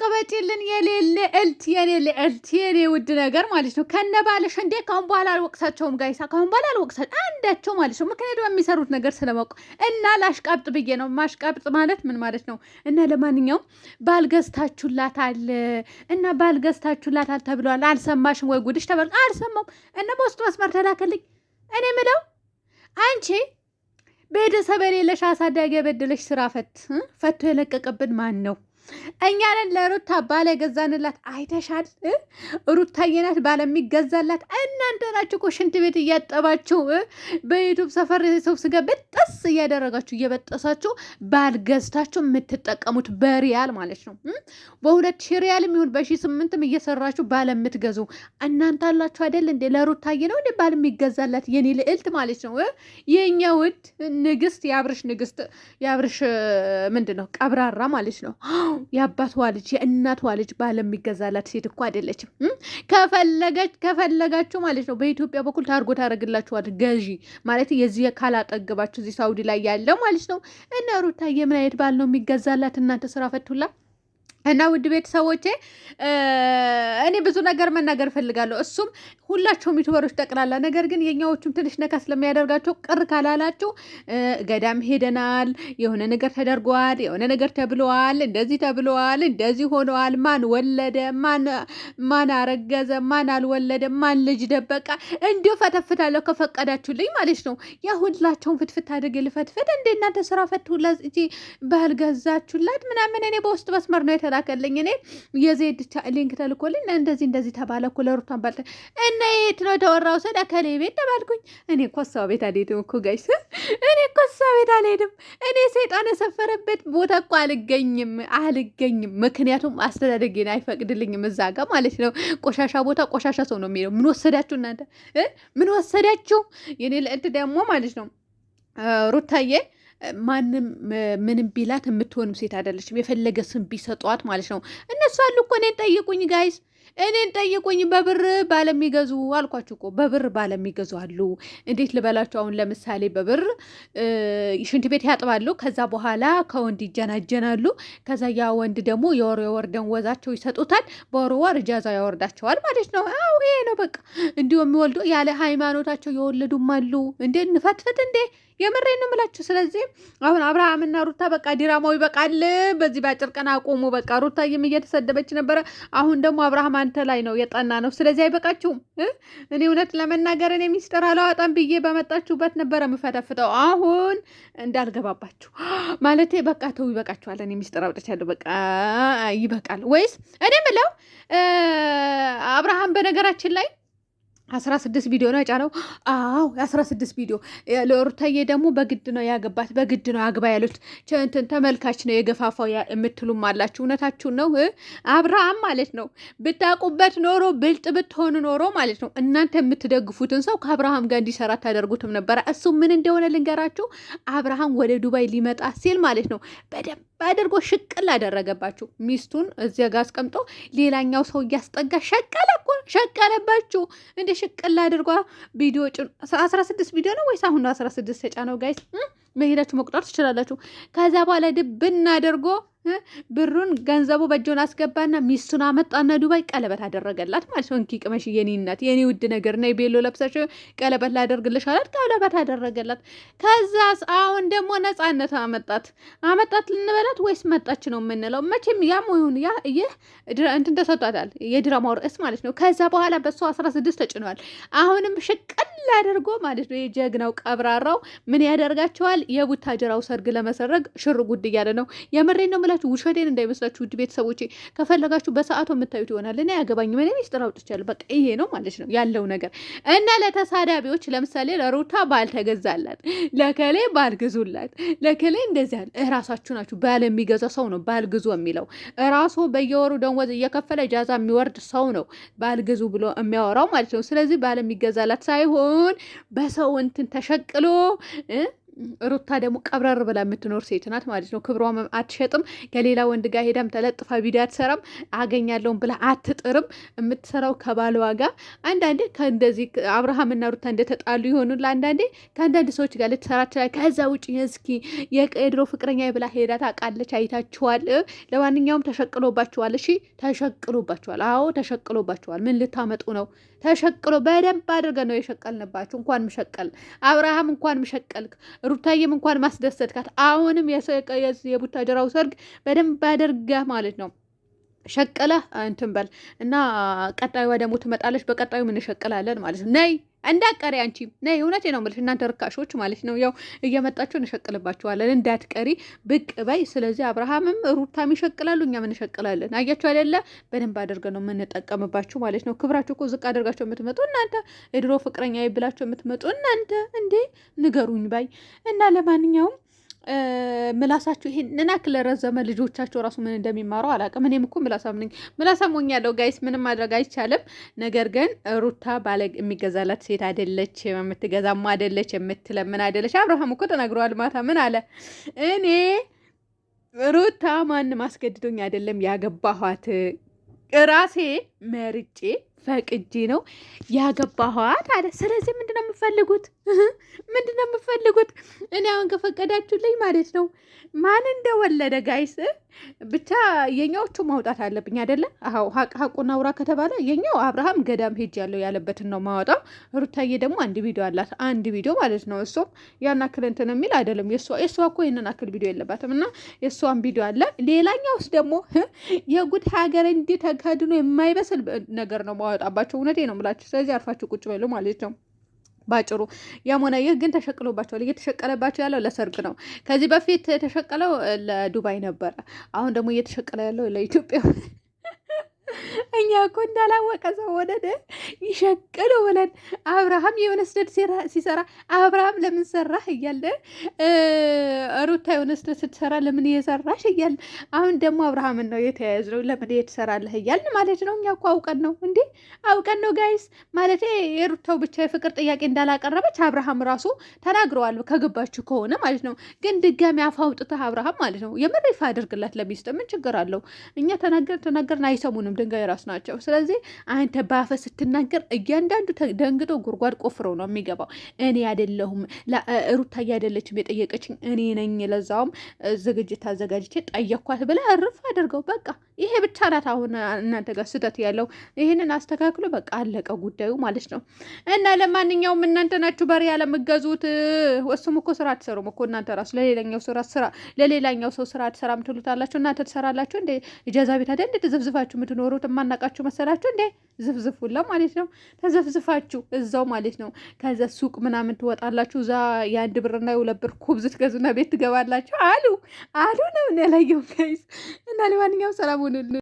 ቅበጪልን የሌለ እልት የሌለ እልት የኔ ውድ ነገር ማለት ነው። ከነ ባለሽ እንዴ ካሁን በኋላ አልወቅሳቸውም ጋይሳ፣ ካሁን በኋላ አልወቅሳቸውም አንዳቸው ማለት ነው። ምክንያቱም የሚሰሩት ነገር ስለማውቅ እና ላሽቃብጥ ብዬ ነው። ማሽቃብጥ ማለት ምን ማለት ነው? እና ለማንኛውም ባልገዝታችሁላታል እና ባልገዝታችሁላታል ተብለዋል። አልሰማሽም ወይ ጉድሽ ተበል አልሰማም። እና በውስጥ መስመር ተላከልኝ። እኔ ምለው አንቺ ቤተሰብ የሌለሽ አሳዳጊ የበደለሽ ስራ ፈት ፈቶ የለቀቀብን ማን ነው? እኛንን ለሩታ ባለ ገዛንላት አይተሻል። ሩታዬ ናት ባለሚገዛላት። እናንተ ናችሁ እኮ ሽንት ቤት እያጠባችሁ በዩቱብ ሰፈር ሰው ስጋ በጣም እያደረጋችሁ እየበጠሳችሁ ባልገዝታችሁ ገዝታችሁ የምትጠቀሙት በሪያል ማለት ነው። በሁለት ሺ ሪያል የሚሆን በሺ ስምንትም እየሰራችሁ ባል የምትገዙ እናንተ አላችሁ አይደል? እንደ ለሩታዬ ነው እንደ ባል የሚገዛላት የኔ ልዕልት ማለት ነው። የእኛ ውድ ንግስት፣ የአብርሽ ንግስት፣ የአብርሽ ምንድን ነው ቀብራራ ማለት ነው። የአባቷ ልጅ የእናቷ ልጅ ባለ የሚገዛላት ሴት እኮ አይደለችም። ከፈለገች ከፈለጋችሁ ማለት ነው በኢትዮጵያ በኩል ታርጎ ታደረግላችኋል። ገዢ ማለት የዚህ ካላጠገባችሁ እዚህ ሰው ሳውዲ ላይ ያለው ማለት ነው። እና ሩታ የምን አይነት ባል ነው የሚገዛላት እናንተ ስራ ፈቱላት። እና ውድ ቤተሰቦቼ እኔ ብዙ ነገር መናገር እፈልጋለሁ። እሱም ሁላቸውም ዩቱበሮች ጠቅላላ፣ ነገር ግን የኛዎቹም ትንሽ ነካ ስለሚያደርጋቸው ቅር ካላላችሁ ገዳም ሄደናል፣ የሆነ ነገር ተደርጓል፣ የሆነ ነገር ተብለዋል፣ እንደዚህ ተብለዋል፣ እንደዚህ ሆነዋል፣ ማን ወለደ፣ ማን አረገዘ፣ ማን አልወለደ፣ ማን ልጅ ደበቃ፣ እንዲሁ ፈተፍታለሁ ከፈቀዳችሁልኝ ማለት ነው። ያ ሁላቸውን ፍትፍት አድርጌ ልፈትፍት እንደ እናንተ ስራ ፈት ባህል ገዛችሁላት ምናምን እኔ በውስጥ መስመር ነው የተላከልኝ እኔ የዜድ ሊንክ ተልኮልኝ እንደዚህ እንደዚህ ተባለ እኮ ለሩቷን ባል እና የት ነው የተወራው? ስለ ከሌ ቤት ተባልኩኝ። እኔ እኮ እሷ ቤት አልሄድም እኮ ጋይስ፣ እኔ እኮ እሷ ቤት አልሄድም። እኔ ሰይጣን የሰፈረበት ቦታ እኮ አልገኝም አልገኝም። ምክንያቱም አስተዳደጌን አይፈቅድልኝም። እዛ ጋ ማለት ነው ቆሻሻ ቦታ ቆሻሻ ሰው ነው የሚሄደው። ምን ወሰዳችሁ እናንተ? ምን ወሰዳችሁ? የኔ ለእንት ደግሞ ማለት ነው ሩታዬ ማንም ምንም ቢላት የምትሆንም ሴት አይደለችም። የፈለገ ስም ቢሰጧት ማለት ነው። እነሱ አሉ እኮ እኔን ጠይቁኝ ጋይስ እኔን ጠይቁኝ። በብር ባለሚገዙ አልኳችሁ እኮ በብር ባለሚገዙ አሉ። እንዴት ልበላችሁ? አሁን ለምሳሌ በብር ሽንት ቤት ያጥባሉ። ከዛ በኋላ ከወንድ ይጀናጀናሉ። ከዛ ያ ወንድ ደግሞ የወር የወር ደንወዛቸው ይሰጡታል። በወር ወር እጃዛ ያወርዳቸዋል ማለት ነው። አዎ ይሄ ነው በቃ። እንዲሁ የሚወልዱ ያለ ሃይማኖታቸው የወለዱም አሉ። እንዴ እንፈትፍት እንዴ የምሬ ነው የምላችሁ። ስለዚህ አሁን አብርሃምና ሩታ በቃ ዲራማው ይበቃል። በዚህ በአጭር ቀን አቆሙ። በቃ ሩታዬም እየተሰደበች ነበረ። አሁን ደግሞ አብርሃም አንተ ላይ ነው የጠና ነው። ስለዚህ አይበቃችሁም። እኔ እውነት ለመናገር እኔ ሚስጥር አላወጣም ብዬ በመጣችሁበት ነበረ ምፈተፍተው። አሁን እንዳልገባባችሁ ማለት በቃ ተው፣ ይበቃችኋል። እኔ ሚስጥር አውጥቻለሁ። በቃ ይበቃል። ወይስ እኔ ምለው አብርሃም በነገራችን ላይ አስራ ስድስት ቪዲዮ ነው የጫነው። አዎ አስራ ስድስት ቪዲዮ ለሩታዬ ደግሞ በግድ ነው ያገባት፣ በግድ ነው አግባ ያሉት እንትን ተመልካች ነው የገፋፋው የምትሉም አላችሁ። እውነታችሁን ነው። አብርሃም ማለት ነው ብታቁበት ኖሮ ብልጥ ብትሆኑ ኖሮ ማለት ነው እናንተ የምትደግፉትን ሰው ከአብርሃም ጋር እንዲሰራ ታደርጉትም ነበረ። እሱ ምን እንደሆነ ልንገራችሁ። አብርሃም ወደ ዱባይ ሊመጣ ሲል ማለት ነው በደንብ አድርጎ ሽቅል አደረገባችሁ። ሚስቱን እዚያ ጋር አስቀምጦ ሌላኛው ሰው እያስጠጋ ሸቀለ እኮ ሸቀለባችሁ። እንደ ሽቅል አድርጓ ቪዲዮ ጭኑ። አስራ ስድስት ቪዲዮ ነው ወይስ አሁን አስራ ስድስት ተጫነው? ጋይስ መሄዳችሁ መቁጠር ትችላላችሁ። ከዛ በኋላ ድብ እናደርጎ ብሩን ገንዘቡ በእጆን አስገባና ሚስቱን አመጣና ዱባይ ቀለበት አደረገላት ማለት ነው። እንኪ ቅመሽ የኔ እናት የኔ ውድ ነገር ና ቤሎ ለብሰሽ ቀለበት ላደርግልሽ አላት። ቀለበት አደረገላት። ከዛስ አሁን ደግሞ ነጻነት አመጣት አመጣት ልንበላት ወይስ መጣች ነው የምንለው? መቼም ያም ይሁን ያ ይህ እንትን ተሰጧታል የድራማው ርዕስ ማለት ነው። ከዛ በኋላ በሱ አስራ ስድስት ተጭኗል። አሁንም ሽቅል አድርጎ ማለት ነው የጀግናው ቀብራራው ምን ያደርጋቸዋል? የቡታጀራው ሰርግ ለመሰረግ ሽር ጉድ እያለ ነው። የምሬ ነው ካላችሁ ውሸቴን እንዳይመስላችሁ ውድ ቤተሰቦቼ፣ ከፈለጋችሁ በሰዓቱ የምታዩት ይሆናል። እኔ ያገባኝ ምን ሚስጥር አውጥቻለሁ። በቃ ይሄ ነው ማለት ነው ያለው ነገር እና ለተሳዳቢዎች ለምሳሌ ለሩታ ባልተገዛላት ለከሌ ባልግዙላት ለከሌ እንደዚህ ያለ እራሳችሁ ናችሁ። ባል የሚገዛ ሰው ነው ባልግዙ የሚለው እራሱ በየወሩ ደንወዝ እየከፈለ ጃዛ የሚወርድ ሰው ነው ባልግዙ ብሎ የሚያወራው ማለት ነው። ስለዚህ ባል የሚገዛላት ሳይሆን በሰው እንትን ተሸቅሎ ሩታ ደግሞ ቀብረር ብላ የምትኖር ሴት ናት ማለት ነው። ክብሯ አትሸጥም። ከሌላ ወንድ ጋር ሄዳም ተለጥፋ ቪዲዮ አትሰራም። አገኛለሁም ብላ አትጥርም። የምትሰራው ከባለዋ ጋር አንዳንዴ ከእንደዚህ አብርሃምና ሩታ እንደተጣሉ ይሆኑላ አንዳንዴ ከአንዳንድ ሰዎች ጋር ልትሰራ ትችላለች። ከዛ ውጭ እስኪ የድሮ ፍቅረኛ ብላ ሄዳ ታውቃለች። አይታችኋል። ለማንኛውም ተሸቅሎባችኋል። እሺ ተሸቅሎባችኋል። አዎ ተሸቅሎባችኋል። ምን ልታመጡ ነው? ተሸቅሎ በደንብ አድርገን ነው የሸቀልንባችሁ። እንኳን ምሸቀል አብርሃም፣ እንኳን ምሸቀልክ ሩታዬም፣ እንኳን ማስደሰትካት። አሁንም የቡታጀራው ሰርግ በደንብ አድርገህ ማለት ነው ሸቀለ እንትን በል እና ቀጣዩ ደግሞ ትመጣለች። በቀጣዩ እንሸቅላለን ማለት ነው ነይ እንዳትቀሪ አንቺ ነይ። እውነቴ ነው የምልሽ እናንተ ርካሾች ማለት ነው። ያው እየመጣችሁ እንሸቅልባችኋለን፣ እንዳትቀሪ ብቅ በይ። ስለዚህ አብርሃምም ሩታም ይሸቅላሉ፣ እኛም እንሸቅላለን። አያችሁ አይደለ? በደንብ አድርገን ነው የምንጠቀምባችሁ ማለት ነው። ክብራችሁ እኮ ዝቅ አድርጋችሁ የምትመጡ እናንተ፣ የድሮ ፍቅረኛ ብላችሁ የምትመጡ እናንተ እንዴ! ንገሩኝ ባይ እና ለማንኛውም ምላሳችሁ ይሄንን ያክል ረዘመ። ልጆቻቸው ራሱ ምን እንደሚማረው አላውቅም። እኔም እኮ ምላሳም ነኝ፣ ምላሳም ሆኛለሁ። ጋይስ ምንም ማድረግ አይቻልም። ነገር ግን ሩታ ባለ የሚገዛላት ሴት አይደለች፣ የምትገዛማ አይደለች፣ የምትለምን አይደለች። አብርሃም እኮ ተናግረዋል። ማታ ምን አለ? እኔ ሩታ ማንም አስገድዶኝ አይደለም ያገባኋት ራሴ መርጬ ፈቅጄ ነው ያገባኋት አለ። ስለዚህ ምንድን ነው የምፈልጉት? ምንድን ነው የምፈልጉት? እኔ አሁን ከፈቀዳችሁልኝ ማለት ነው ማን እንደወለደ ጋይስ፣ ብቻ የኛዎቹ ማውጣት አለብኝ አይደለ? አዎ ሀቁና ውራ ከተባለ የኛው አብርሃም ገዳም ሄጅ ያለው ያለበትን ነው ማወጣው። ሩታዬ ደግሞ አንድ ቪዲዮ አላት፣ አንድ ቪዲዮ ማለት ነው። እሱም ያን አክል እንትን የሚል አይደለም። የእሷ እኮ ይህንን አክል ቪዲዮ የለባትም እና የእሷን ቪዲዮ አለ። ሌላኛውስ ደግሞ የጉድ ሀገር እንዲህ ተካድኖ የማይበስል ነገር ነው የማወጣባቸው። እውነቴ ነው የምላችሁ። ስለዚህ አርፋችሁ ቁጭ በሉ ማለት ነው። ባጭሩ ያም ሆነ ይህ ግን ተሸቅሎባቸዋል። እየተሸቀለባቸው ያለው ለሰርግ ነው። ከዚህ በፊት የተሸቀለው ለዱባይ ነበረ። አሁን ደግሞ እየተሸቀለ ያለው ለኢትዮጵያ። እኛ እኮ እንዳላወቀ ሰው ወደደ ይሸቅል ብለን አብርሃም የሆነ ሲሰራ አብርሃም ለምን ሰራህ እያለ ሩታ የሆነ ስትሰራ ለምን እየሰራሽ እያለ አሁን ደግሞ አብርሃምን ነው የተያያዝነው። ለምን የትሰራለህ እያልን ማለት ነው። እኛ እኮ አውቀን ነው እንዴ አውቀን ነው ጋይስ። ማለት የሩታው ብቻ የፍቅር ጥያቄ እንዳላቀረበች አብርሃም ራሱ ተናግረዋል። ከገባችሁ ከሆነ ማለት ነው። ግን ድጋሚ አፍ አውጥተህ አብርሃም ማለት ነው የመሪፍ አድርግላት ለሚስጥ ምን ችግር አለው? እኛ ተናገር ተናገርን አይሰሙንም። ድንጋይ ራሱ ናቸው። ስለዚህ አንተ ባፈ ስትናገር ስትናገር እያንዳንዱ ደንግጦ ጉድጓድ ቆፍረው ነው የሚገባው። እኔ አይደለሁም ሩታ እያደለችም የጠየቀችኝ እኔ ነኝ። ለዛውም ዝግጅት አዘጋጅቼ ጠየኳት ብለ እርፍ አድርገው። በቃ ይሄ ብቻ ናት አሁን እናንተ ጋር ስህተት ያለው። ይህንን አስተካክሎ በቃ አለቀ ጉዳዩ ማለት ነው። እና ለማንኛውም እናንተ ናችሁ በሬ ያለምገዙት። እሱም እኮ ስራ አትሰሩም እኮ እናንተ ራሱ ለሌላኛው ስራ ስራ ለሌላኛው ሰው ስራ አትሰራ ምትሉታላችሁ እናንተ ትሰራላችሁ እንዴ? እጃዛ ቤት አይደል እንዴ ተዘብዝባችሁ የምትኖሩት? የማናቃችሁ መሰላችሁ እንዴ? ዝፍዝፉላ ማለት ነው። ተዘፍዝፋችሁ እዛው ማለት ነው። ከዛ ሱቅ ምናምን ትወጣላችሁ። እዛ የአንድ ብርና የሁለት ብር ኩብዝ ትገዙና ቤት ትገባላችሁ አሉ አሉ ነው ያላየው ጋይዝ እና ለማንኛውም ሰላም ሆንልን።